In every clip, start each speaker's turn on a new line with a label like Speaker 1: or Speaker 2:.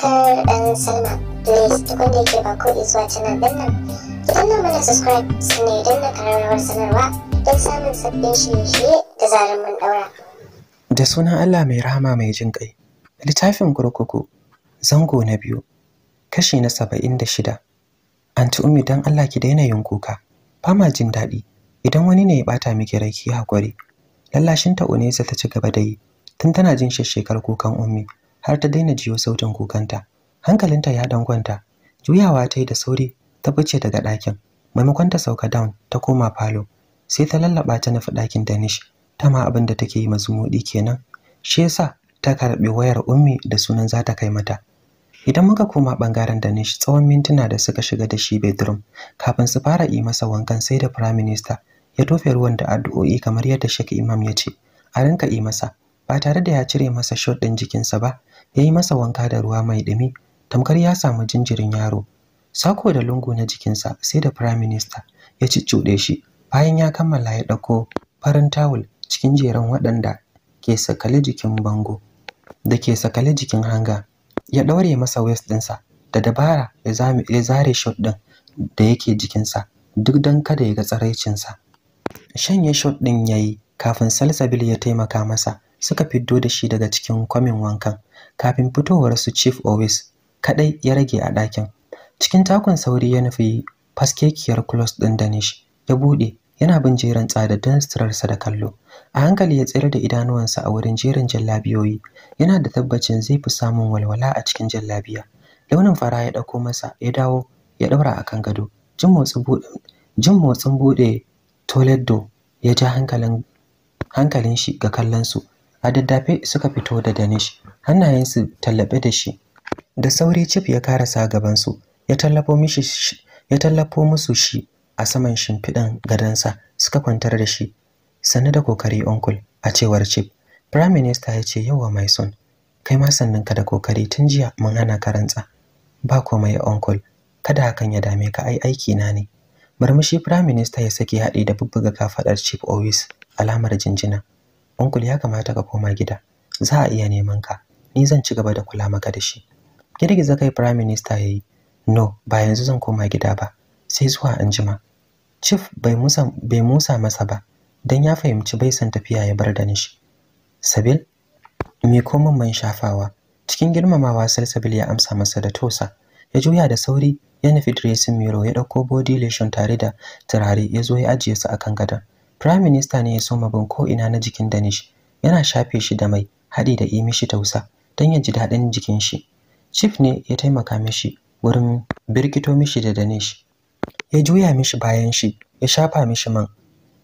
Speaker 1: subscribe and sign up. da subscribe sanarwa don samun sabbin da sunan Allah mai rahama mai jin kai. Littafin kurkuku zango na biyu kashi na saba'in da shida. Anti Umi don Allah ki daina yin kuka. Fama jin daɗi idan wani ne ya ɓata miki rai ki hakuri. Lallashin ta Unesa ta ci gaba da yi tun tana jin shekar kukan Ummi. har ta daina jiyo sautin kukanta hankalinta ya dan kwanta juyawa ta yi da sauri ta bace daga ɗakin maimakon ta sauka down ta koma falo sai ta lallaba ta nufi ɗakin danish ta ma abin da take yi mazumuɗi kenan shi yasa ta karɓi wayar ummi da sunan za ta kai mata idan muka koma ɓangaren danish tsawon mintuna da suka shiga da shi bedroom kafin su fara yi masa wankan sai da prime minister ya tofe ruwan da addu'o'i kamar yadda Sheikh Imam ya ce a rinka yi masa ba tare da ya cire masa shot ɗin jikinsa ba ya yi masa wanka da ruwa mai ɗumi tamkar ya samu jinjirin yaro sako da lungu na jikinsa sai da prime minister ya cuɗe shi bayan ya kammala ya ɗauko farin tawul cikin jerin waɗanda ke sakale jikin bango da ke sakale jikin hanga ya ɗaure masa west ɗinsa da dabara ya zare shot ɗin da yake jikinsa duk don kada ya ga tsaraicinsa shanye shot ɗin ya yi kafin salsabil ya taimaka masa suka fiddo da shi daga cikin kwamin wankan kafin fitowar su chief always kadai ya rage a ɗakin cikin takun sauri ya nufi faskekiyar close ɗin danish ya buɗe yana bin jerin tsadaddun suturarsa da kallo a hankali ya tsayar da idanuwansa a wurin jerin jallabiyoyi yana da tabbacin zai fi samun walwala a cikin jallabiya launin fara ya dauko masa ya dawo ya ɗaura a kan gado jin motsin buɗe toledo ya ja hankalin hankalin shi ga kallonsu a daddafe suka fito da danish hannayensu tallabe da shi da sauri cif ya karasa gabansu ya tallafo mishi ya tallafo musu shi a saman shimfiɗan gadansa suka kwantar da shi sannu da kokari onkul a cewar Chief. prime minister ya ce yawa mai son kai ma sannan ka da kokari tun jiya mun hana ka rantsa ba komai onkul kada hakan ya dame ka ai aiki na ne murmushi prime minister ya saki haɗi da bubbuga kafaɗar chief always alamar jinjina onkul ya kamata ka koma gida za a iya neman ka ni zan ci gaba da kula maka da shi girgiza kai prime minister yi. no ba yanzu zan koma gida ba sai zuwa anjima chief bai musa masa ba dan ya fahimci bai san tafiya ya bar da shi. sabil me komin man shafawa cikin girmamawa salsabil ya amsa masa da tosa ya juya da sauri ya nufi dressing mirror ya ɗauko body lotion tare da turare ya zo ya ajiye su akan gadon prime minister ne ya soma bin ko'ina na jikin danish yana shafe shi da mai haɗi da imishi tausa don ya ji daɗin jikin shi chief ne ya taimaka mishi wurin birkito mishi da dane shi ya juya mishi bayan shi ya shafa mishi man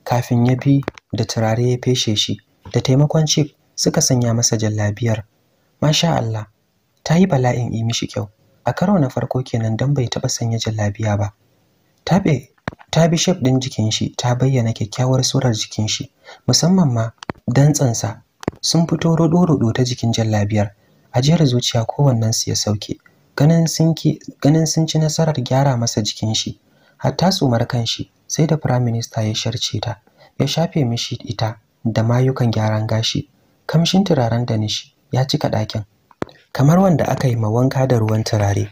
Speaker 1: kafin ya bi da turare ya feshe shi da taimakon chief suka sanya masa jallabiyar masha Allah ta yi bala'in yi mishi kyau a karo na farko kenan don bai taɓa sanya jallabiya ba ta bi shef ɗin jikin shi ta bayyana kyakkyawar surar jikin shi musamman ma dantsansa sun fito rodo-rodo ta jikin jallabiyar ajiyar zuciya su ya sauke ganin sun ci nasarar gyara masa jikin shi hatta sumar kanshi sai da prime minister ya sharce ta ya shafe mishi ita da mayukan gyaran gashi kamshin turaren da nishi ya cika ɗakin kamar wanda aka yi ma wanka da ruwan turare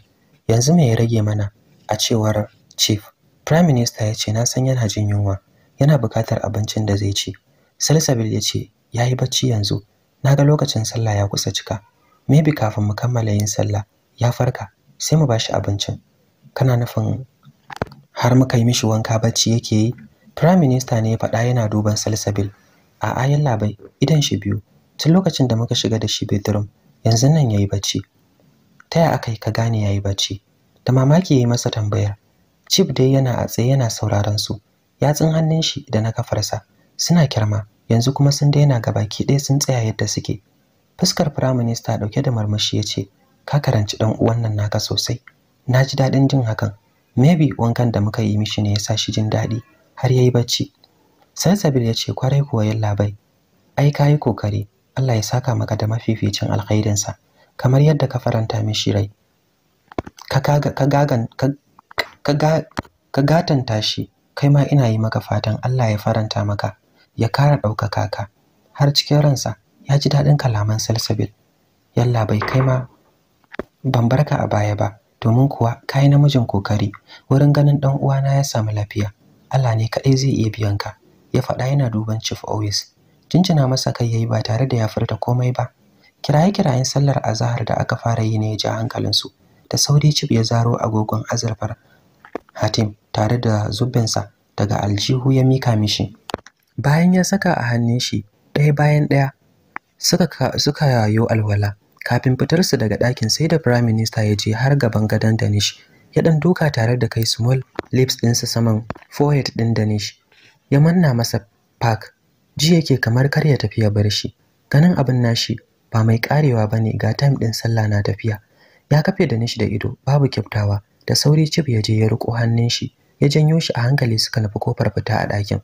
Speaker 1: yanzu me ya rage mana a cewar chief prime minister ya ce na san yana jin yunwa yana buƙatar abincin da zai ci salsabil ya ce ya yi bacci yanzu na ga lokacin sallah ya kusa cika maybe kafin mu kammala yin sallah ya farka sai mu bashi abincin kana nufin har muka yi mishi wanka bacci yake yi prime minister ne ya faɗa yana duban salsabil a ayin labai idan shi biyu tun lokacin da muka shiga da shi bedroom yanzu nan yayi bacci ta ya aka yi ka gane yayi bacci da mamaki ya yi masa tambayar chief dai yana a tsaye yana sauraron su yatsun hannun shi da na kafarsa suna kirma yanzu kuma sun daina baki ɗaya sun tsaya yadda suke fuskar prime ɗauke da marmashi ya ce ka karanci dan uwan nan naka sosai na ji daɗin jin hakan maybe wankan da muka yi mishi ne ya sa shi jin daɗi har ya yi bacci sansabil ya ce kwarai kuwa yalla bai ai ka yi kokari allah ya saka maka da mafificin alkhairinsa kamar yadda ka faranta mishi rai ka ka gatanta shi kai ma ina yi maka fatan allah ya faranta maka ya kara ɗaukaka ka har cikin ransa ya ji daɗin kalaman salsabil yalla bai kai ma ban barka a baya ba domin kuwa ka yi namijin kokari wurin ganin ɗan uwana ya samu lafiya Allah ne kaɗai zai iya biyan ka ya faɗa yana duban chief always jinjina masa kai yayi ba tare da ya furta komai ba kiraye kirayen sallar azahar da aka fara yi ne ya ja hankalinsu da sauri chief ya zaro agogon azurfar hatim tare da zubinsa daga aljihu ya mika mishi bayan ya saka a hannun shi ɗaya bayan ɗaya suka suka yayo alwala kafin fitarsu daga ɗakin sai da prime minister ya je har gaban gadon danish ya ɗan duka tare da kai small lips ɗinsa saman forehead ɗin danish ya manna masa park ji yake kamar kar ya tafi ya bar shi ganin abin nashi ba mai karewa ba ne ga time ɗin sallah na tafiya ya kafe danish da ido babu kyaftawa da sauri cib ya je ya riko hannun shi ya janyo shi a hankali suka nufi kofar fita a ɗakin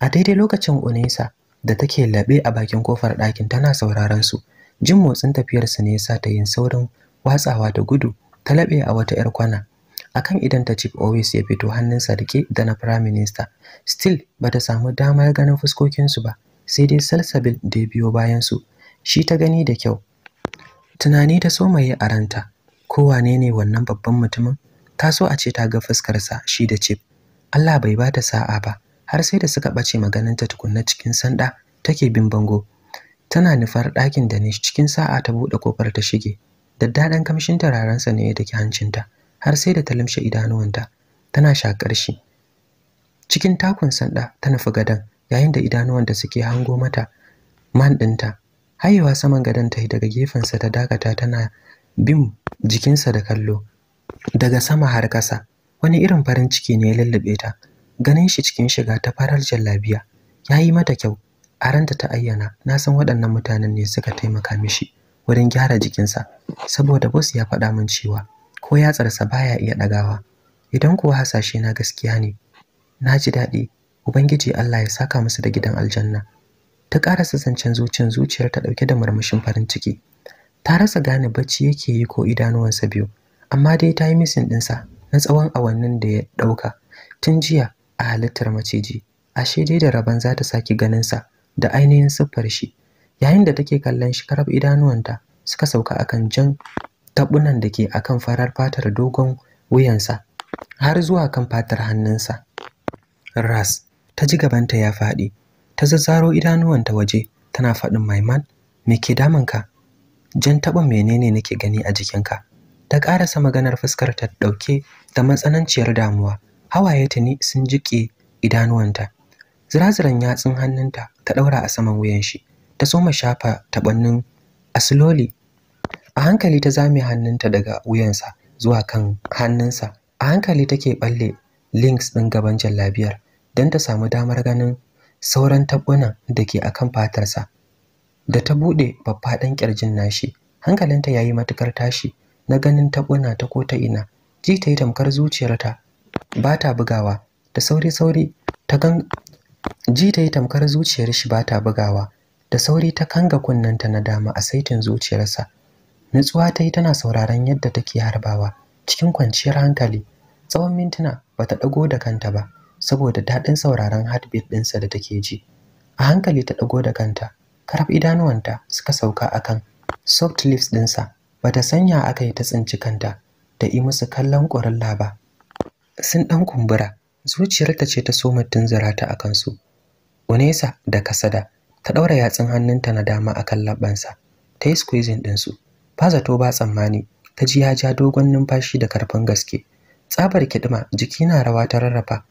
Speaker 1: a daidai lokacin unesa da take labe a bakin kofar ɗakin tana sauraron su jin motsin tafiyar su ne yasa ta yin saurin watsawa da gudu ta labe a wata 'yar kwana akan idan ta chief always ya fito sa rike da na prime minister still bata samu damar ganin fuskokinsu ba sai dai salsabil da biyo bayan su shi ta gani da kyau tunani ta so mai a ranta ko wane ne wannan babban mutumin ta so a ce ta ga fuskarsa shi da chief Allah bai ba ta sa'a ba har sai da suka ɓace magananta tukunna cikin sanda take bin bango tana nufar ɗakin da ne cikin sa'a ta buɗe kofar ta shige daddaɗan kamshin turarensa ne ya daki hancinta har sai da ta limshe idanuwanta tana shakar shi cikin takun sanda ta nufi gadon yayin da idanuwanta suke hango mata man ɗinta hayewa saman gadon ta yi daga gefensa ta dakata tana bin jikinsa da kallo daga sama har ƙasa wani irin farin ciki ne ya lullube ta ganin shi cikin shiga ta farar jallabiya ya yi mata kyau a ranta ta ayyana na san waɗannan mutanen ne suka taimaka mishi wurin gyara jikinsa saboda bos ya faɗa min cewa ko yatsarsa baya iya ɗagawa idan kuwa hasashe na gaskiya ne na ji daɗi ubangiji Allah ya saka musu da gidan aljanna ta ƙarasa zancen zuciyar zuciyar ta ɗauke da murmushin farin ciki ta rasa gane bacci yake yi ko idanuwansa biyu amma dai ta yi misin ɗinsa na tsawon awannin da ya ɗauka tun jiya a halittar maciji ashe dai da rabon za ta ganin ganinsa da ainihin siffar shi yayin da take kallon shi karab idanuwanta suka sauka akan jan tabunan da ke akan farar fatar dogon wuyansa har zuwa kan fatar hannunsa ras ta ji gabanta ya faɗi ta zazzaro idanuwanta waje tana faɗin maiman me ke ka? jan taɓa menene nake gani a jikinka ta ƙarasa maganar fuskar ta ɗauke da matsananciyar damuwa hawaye ta ne sun jike idanuwanta ziraziran yatsun hannunta ta ɗaura a saman wuyan shi ta soma shafa taɓannin asiloli a hankali ta zame hannunta daga wuyansa zuwa kan hannunsa a hankali take balle links ɗin gaban jallabiyar don ta samu damar ganin sauran tabbunan da ke akan fatarsa da ta buɗe faffaɗan ƙirjin nashi hankalinta ya yi matukar tashi na ganin tabbuna ta ko ta ina ji ta yi tamkar zuciyarta ba ta bugawa da sauri-sauri ta gan ji ta yi tamkar zuciyar shi ba ta bugawa da sauri ta kanga kunnanta na dama a saitin zuciyarsa nutsuwa ta yi tana sauraron yadda take harbawa cikin kwanciyar hankali tsawon mintuna ba ta ɗago da kanta ba saboda daɗin sauraron heartbeat ɗinsa da take ji a hankali ta ɗago da kanta karaf idanuwanta suka sauka akan soft lips ɗinsa ba ta sanya aka yi ta tsinci kanta da yi musu kallon ƙurilla ba sun ɗan kumbura zuciyarta ce ta soma tunzura ta a kansu unesa da kasada ta ɗaura yatsun hannunta na dama a kan labbansa ta yi squeezing ɗinsu ba zato ba tsammani ta ji ya ja dogon numfashi da karfin gaske tsabar kiɗima jiki na rawa ta rarrafa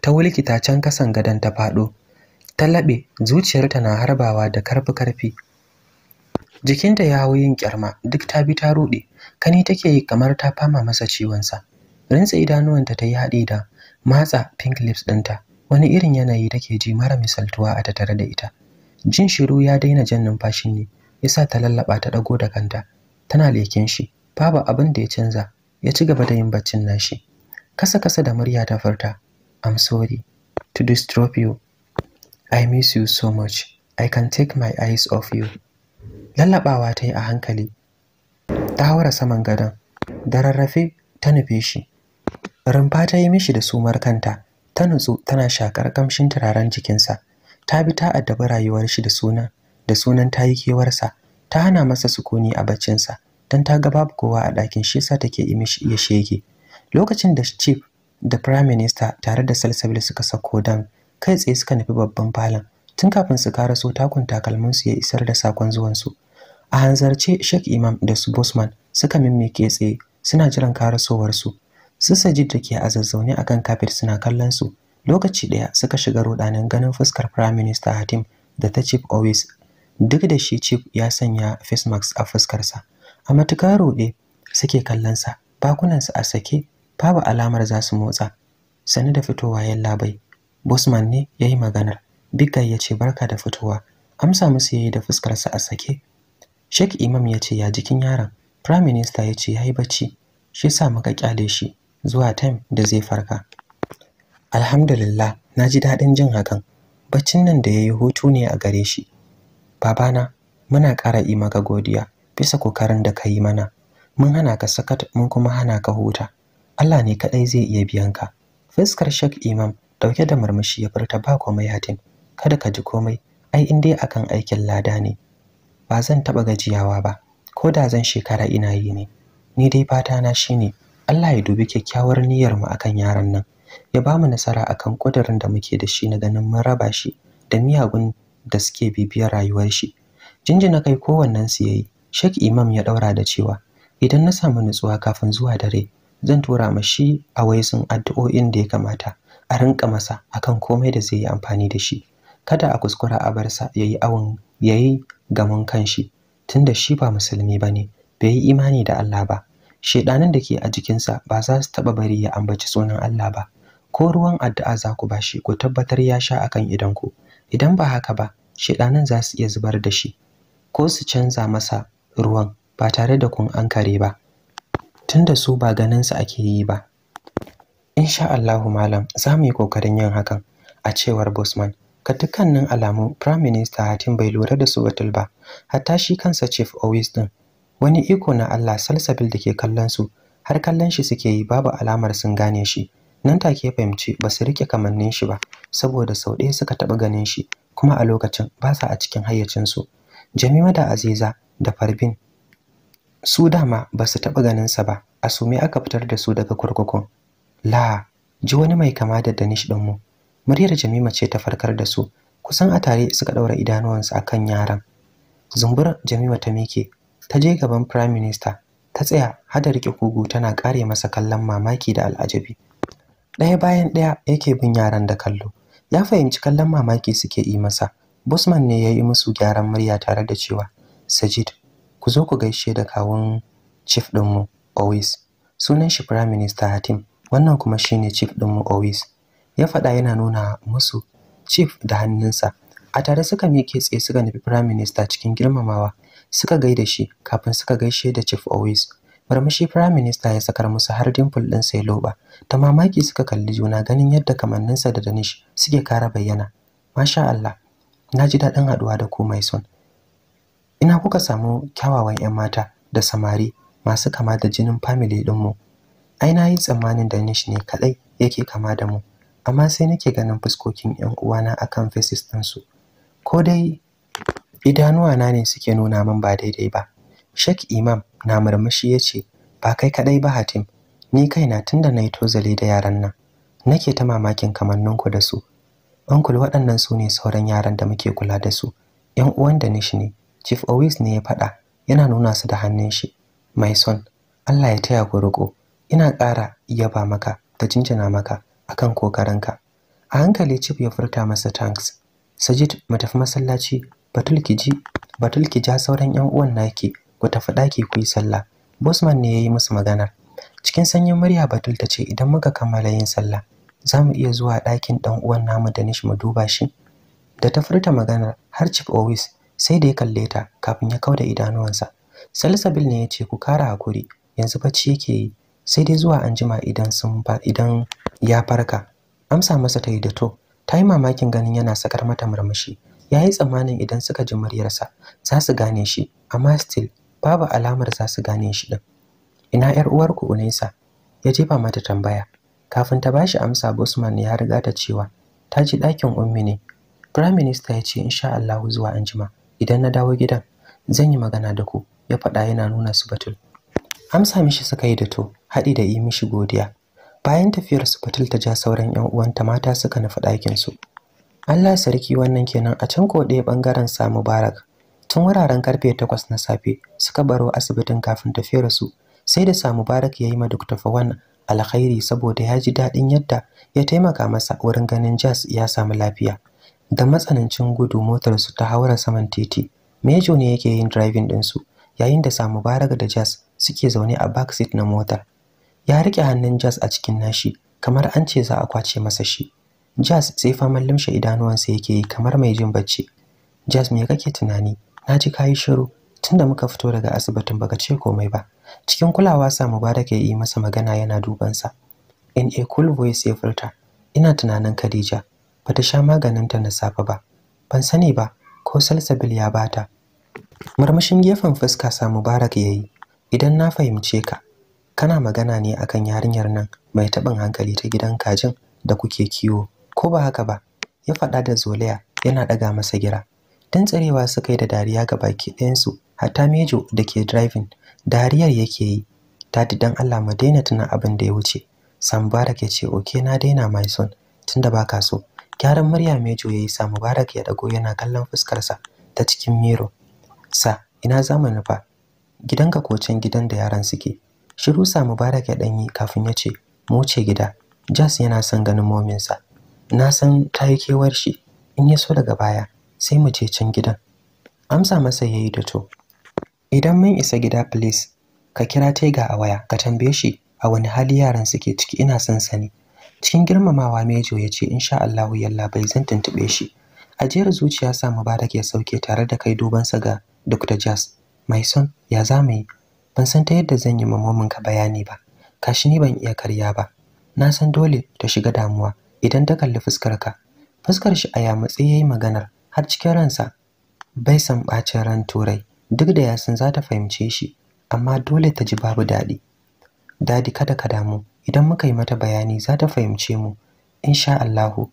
Speaker 1: ta ta can kasan gadon ta faɗo ta labe zuciyarta na harbawa da karfi-karfi jikinta ya hau yin kyarma duk ta bi ta rude, kani take yi kamar ta fama masa ciwonsa Rantsa idanuwanta ta yi haɗe da matsa pink lips ɗinta. Wani irin yanayi ke ji mara misaltuwa a tattare da ita. Jin shiru ya daina jan numfashi ne, ya sa ta lallaɓa ta ɗago da kanta. Tana leken shi, babu abin da ya canza, ya ci gaba da yin baccin nashi. Kasa-kasa da murya ta furta, I'm sorry to disturb you. I miss you so much. I can take my eyes off you. Lallaɓawa ta yi a hankali, ta haura saman gadon, da rarrafe ta nufe shi. rumfa ta yi mishi da sumar kanta ta nutsu tana shakar kamshin turaren jikinsa ta bi ta addabi rayuwar shi da suna da sunan ta yi kewarsa ta hana masa sukuni a baccinsa don ta ga babu kowa a ɗakin shi sa take yi mishi iya shege lokacin da chief da prime minister tare da salsabil suka sako dan kai tsaye suka nufi babban falon tun kafin su karaso takun su ya isar da sakon zuwansu a hanzarce sheikh imam da su bosman suka mimmike tsaye suna jiran karasowarsu su sajid da ke a zazzaune a kan kafet suna kallon su lokaci ɗaya suka shiga rudanin ganin fuskar prime minister hatim da ta chief always duk da shi chief ya sanya face mask a fuskarsa a matukar ruɗe suke kallon sa bakunansa a sake babu alamar za su motsa sani da fitowa yalla labai. bosman ne ya yi maganar bigga ya ce barka da fitowa amsa musu ya yi da fuskarsa a sake Sheikh Imam ya ce ya jikin yaron. Prime Minister ya ce yayi bacci, shi sa muka kyale shi. zuwa time da zai farka alhamdulillah na ji daɗin jin hakan baccin nan da ya yi hutu ne a gare shi babana muna ƙara yi maka godiya bisa kokarin da ka yi mana mun hana ka sakat mun kuma hana ka huta Allah ne kaɗai zai iya biyan ka fuskar shak imam ɗauke da murmushi ya furta ba komai hatim kada ka ji komai ai in dai akan aikin lada ne ba zan taɓa gajiyawa ba ko da zan shekara ina yi ne ni dai fata na shine Allah ya dubi kyakkyawar niyyar mu akan yaran nan ya bamu nasara akan kudirin da muke da shi na ganin mun raba shi da miyagun da suke bibiyar rayuwar shi jinjina kai kowannen su yayi Sheikh Imam ya daura da cewa idan na samu nutsuwa kafin zuwa dare zan tura mashi a waisun addu'o'in da ya kamata a rinka masa akan komai da zai yi amfani da shi kada a kuskura a bar sa yayi awon yayi gamon kanshi tunda shi ba musulmi bane bai yi imani da Allah ba shedanin da ke a jikinsa ba za su taɓa bari ya ambaci sunan Allah ba ko ruwan addu'a za ku bashi ku tabbatar ya sha akan idanku idan ba haka ba shedanin za su iya zubar da shi ko su canza masa ruwan ba tare da kun ankare ba tunda su ba ganin sa ake yi ba insha Allahu malam za mu yi kokarin yin hakan a cewar Bosman ka dukkanin alamu Prime Minister Hatim bai lura da su batul ba hatta shi kansa Chief Owis din wani iko na Allah salsabil da ke kallon su har kallon shi suke yi babu alamar sun gane shi nan take ya fahimci ba su rike kamannin shi ba saboda sau ɗaya suka taɓa ganin shi kuma a lokacin ba sa a cikin hayyacin su Jamima da Aziza da Farbin su dama ba su taɓa ganinsa ba a sume aka fitar da su daga kurkukun la ji wani mai kama da Danish din mu muryar Jamima ce ta farkar da su kusan a tare suka daura idanuwansu akan yaran zumbur Jamima ta mike ta je gaban prime minister ta tsaya hada rike kugu tana kare masa kallon mamaki da al'ajabi ɗaya bayan ɗaya yake bin yaran da kallo ya fahimci kallon mamaki suke yi masa bosman ne ya yi musu gyaran murya tare da cewa sajid ku zo ku gaishe da kawun chief ɗinmu always sunan shi prime minister hatim wannan kuma shine chief ɗinmu always ya faɗa yana nuna musu chief da hannunsa a tare suka miƙe tsaye suka nufi prime minister cikin girmamawa suka gaida shi kafin suka gaishe da Chief Owis. Marmashi Prime Minister ya sakar musu har dimple din sai loba. Ta mamaki suka kalli juna ganin yadda kamanninsa da Danish suke kara bayyana. Masha Allah, na ji daɗin haɗuwa da ku mai son. Ina kuka samu kyawawan 'yan mata da samari masu kama da jinin family ɗinmu. Ai na yi tsammanin Danish ne kaɗai yake kama da mu, amma sai nake ganin fuskokin 'yan uwana akan faces su. Ko dai Idanuwa na ne suke nuna min ba daidai ba shek Imam na murmushi ya ce, Ba kai kadai ba Hatim, ni kaina tun da na yi tozali da yaran nan, nake ta mamakin kamanninku da su. ankul waɗannan su ne sauran yaran da muke kula da su, ‘yan uwan da nishi ne, Chief Owis ne ya faɗa, yana nuna su da hannun shi. Mai son, Allah ya taya ku riƙo, ina ƙara yaba maka da jinjina maka akan kokarinka. A hankali Chief ya furta masa tanks. Sajid, mu tafi masallaci, batul ki batul ki ja sauran yan uwan naki ku tafi daki ku yi sallah bosman ne yayi musu magana. cikin sanyin murya batul ta ce idan muka kammala yin sallah za mu iya zuwa ɗakin ɗan uwan namu da nishi mu duba shi da ta furta maganar har chief always sai da ya kalle ta kafin ya kauda idanuwansa salsabil ne ya ce ku kara hakuri yanzu bacci yake yi sai dai zuwa anjima idan sun idan ya farka amsa masa ta yi da to ta yi mamakin ganin yana sakar mata murmushi ya yi tsammanin idan suka ji muryarsa za su gane shi amma still babu alamar za su gane shi din ina yar uwarku unaisa ya jefa mata tambaya kafin ta bashi amsa Bosman ya riga ta cewa ta ji ɗakin ummi ne prime minister ya ce insha Allahu zuwa anjima idan na dawo gidan zan yi magana da ku ya faɗa yana nuna su batul amsa mishi suka yi da to haɗi da yi mishi godiya bayan tafiyar su batul ta ja sauran 'yan uwanta mata suka nufi ɗakin su Allah sarki wannan kenan a can ko ɗaya ɓangaren sa Mubarak. Tun wuraren karfe takwas na safe suka baro asibitin kafin tafiyar su sai da sa Mubarak ya yi ma Dr. Fawan alkhairi saboda ya ji daɗin yadda ya taimaka masa wurin ganin jaz ya samu lafiya. Da matsanancin gudu motar su ta haura saman titi. Mejo ne yake yin driving din su yayin da sa Mubarak da Jazz suke zaune a back seat na motar. Ya rike hannun jaz a cikin nashi kamar an ce za a kwace masa shi. Jazz sai faman limshe idanuwansa yake yi kamar mai jin bacci. Jazz me kake tunani? Na ji kayi shiru tunda muka fito daga asibitin baka ce komai ba. Cikin kulawa sa Mubarak ya yi masa magana yana dubansa. sa. In a cool voice ya furta, ina tunanin Khadija bata sha maganin ta na safa ba. Ban sani ba ko salsabil ya bata. Marmashin gefen fuska sa Mubarak yayi Idan na fahimce ka, kana magana ne akan yarinyar nan mai taɓin hankali ta gidan kajin da kuke kiwo. ko ba haka ba ya faɗa da zolaya yana ɗaga masa gira don tsarewa suka yi da dariya ga baki ɗayansu hatta mejo da ke driving dariyar yake yi Ta ji don Allah ma daina tuna abin da ya wuce barak ya ce oke na daina mai son tunda baka so gyaran murya mejo ya yi sa mubarak ya dago yana kallon fuskarsa ta cikin miro sa ina zamani fa gidanka ko can gidan da yaran suke shiru sa mubarak ya ɗanyi kafin ya ce mu wuce gida jas yana son ganin mominsa na san ta yi kewar shi in ya so daga baya sai mu je can gidan amsa masa ya yi da to idan mun isa gida please ka kira tega a waya ka tambaye shi a wani hali yaran suke ciki ina son sani cikin girmamawa mejo ya ce insha Allahu yalla bai zan tuntuɓe shi ajiyar zuciya sa mubarak ya sauke tare da kai duban ga Dr. Jazz mai son ya zamayi yi ban san ta yadda zan yi mamomin ka bayani ba kashi ni ban iya karya ba na san dole ta shiga damuwa idan ta kalli fuskar ka, fuskar shi a yamutse yayi maganar har cikin ransa bai san bacin ran turai duk da yasin za ta fahimce shi amma dole ta ji babu dadi. dadi kada ka damu idan muka yi mata bayani za ta fahimce mu insha Allahu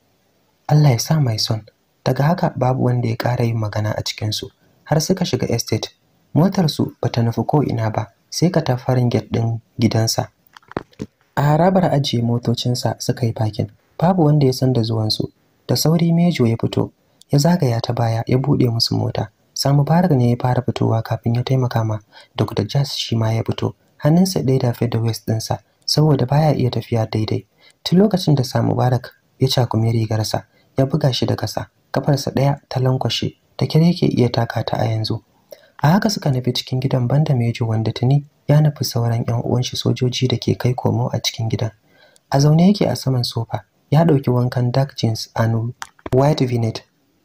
Speaker 1: Allah ya sa mai son daga haka babu wanda ya ƙara yin magana a cikin su har suka shiga estate motarsu ba ta nufi ko ina ba sai ka tafarin gate din gidansa a harabar ajiye motocinsa suka yi parking babu wanda ya san da zuwansu da sauri mejo ya fito ya zagaya ta baya ya buɗe musu mota samu barak ne ya fara fitowa kafin ya taimaka ma dr jazz shi ma ya fito hannunsa ɗaya da da west ɗinsa saboda baya iya tafiya daidai tun lokacin da samu barak ya cakumi rigarsa ya buga shi da ƙasa kafarsa ɗaya ta lankwashe da kyar yake iya taka ta a yanzu a haka suka nufi cikin gidan banda mejo wanda tuni ya nufi sauran 'yan uwanshi sojoji da ke kai komo a cikin gidan a zaune yake a saman sofa ya ɗauki wankan dark jeans and white v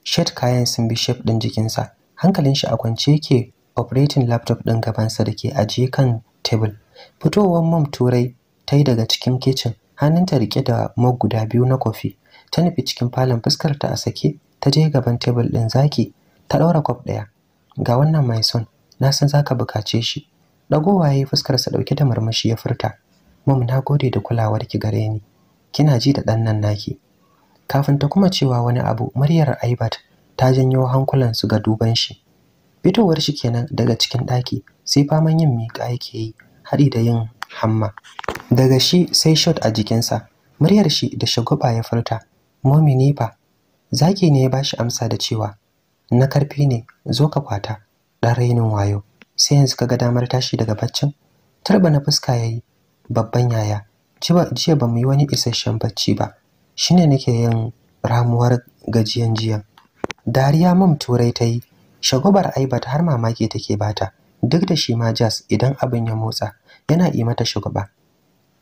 Speaker 1: shirt kayan sun bi shape ɗin jikinsa hankalin shi a kwance ke operating laptop ɗin gabansa da ke ajiye kan table fitowar mom turai ta yi daga cikin kitchen hannunta rike da mug guda biyu na kofi ta nufi cikin falon fuskar ta a sake ta je gaban table ɗin zaki ta ɗaura kwaf ɗaya ga wannan mai son na san za ka bukace shi ɗagowa ya yi fuskarsa ɗauke da murmushi ya furta mom na gode da kulawarki gare ni kina ji da ɗan nan naki kafin ta kuma cewa wani abu muryar aibat ta janyo hankulan su ga duban shi fitowar shi kenan daga cikin ɗaki sai faman yin miƙa yake yi haɗi da yin hamma daga shi sai shot a jikinsa muryar shi da shagwaba ya furta momi ne ba zaki ne ya ba shi amsa da cewa na karfi ne zo ka kwata ɗan rainin wayo sai yanzu ka ga damar tashi daga baccin turba na fuska yayi babban yaya jiya ba mu yi wani isasshen bacci ba shine nake yin ramuwar gajiyan jiya dariya mam turai ta yi shagobar aibata har mamaki take bata duk da shi ma jas idan abin ya motsa yana yi mata shagoba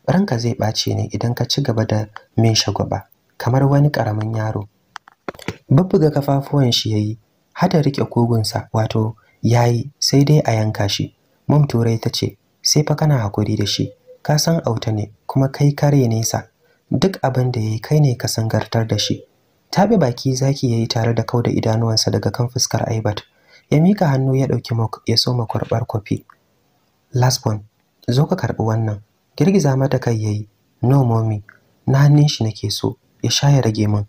Speaker 1: ranka zai ɓace ne idan ka ci gaba da min shagwaba kamar wani ƙaramin yaro bubbuga kafafuwan shi yayi hada rike kogunsa wato yayi sai dai a yanka shi mam turai ta ce sai fa kana hakuri da shi ka san auta ne kuma kai kare nesa duk abin da ya yi kai ne ka sangartar da shi tabe baki zaki ya yi tare da kau da idanuwansa daga kan fuskar aibat ya mika hannu ya ɗauki mok ya soma karɓar kwafi lasbon zo ka karɓi wannan girgiza mata kai ya yi no mommy na hannun shi nake so ya sha ya rage min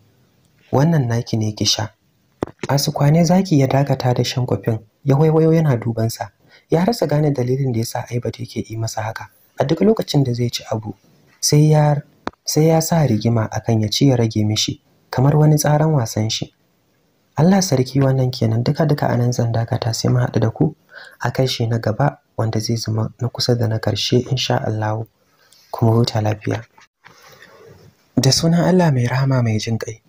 Speaker 1: wannan naki ne ki sha A su kwane zaki ya dakata da shan kwafin ya waiwayo yana dubansa ya rasa gane dalilin da yasa aibat yake yi masa haka a duk lokacin da zai ci abu sai ya sai ya sa rigima akan ya ci ya rage mishi kamar wani tsaran wasan shi Allah sarki wannan kenan duka duka nan zan dakata sai mu haɗu da ku a kai shi na gaba wanda zai zama na kusa da na karshe insha Allah kuma huta lafiya da sunan Allah mai rahama mai jin kai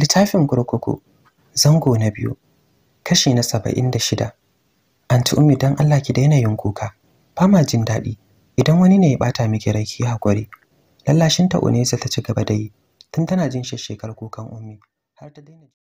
Speaker 1: littafin kurkuku zango na biyu kashi na saba'in da shida anti ummi don Allah ki daina yin kuka fama jin daɗi idan wani ne ya bata miki rai ki hakuri lallashin ta Unesa ta ci gaba da yi tun tana jin shekar kukan ummi har ta daina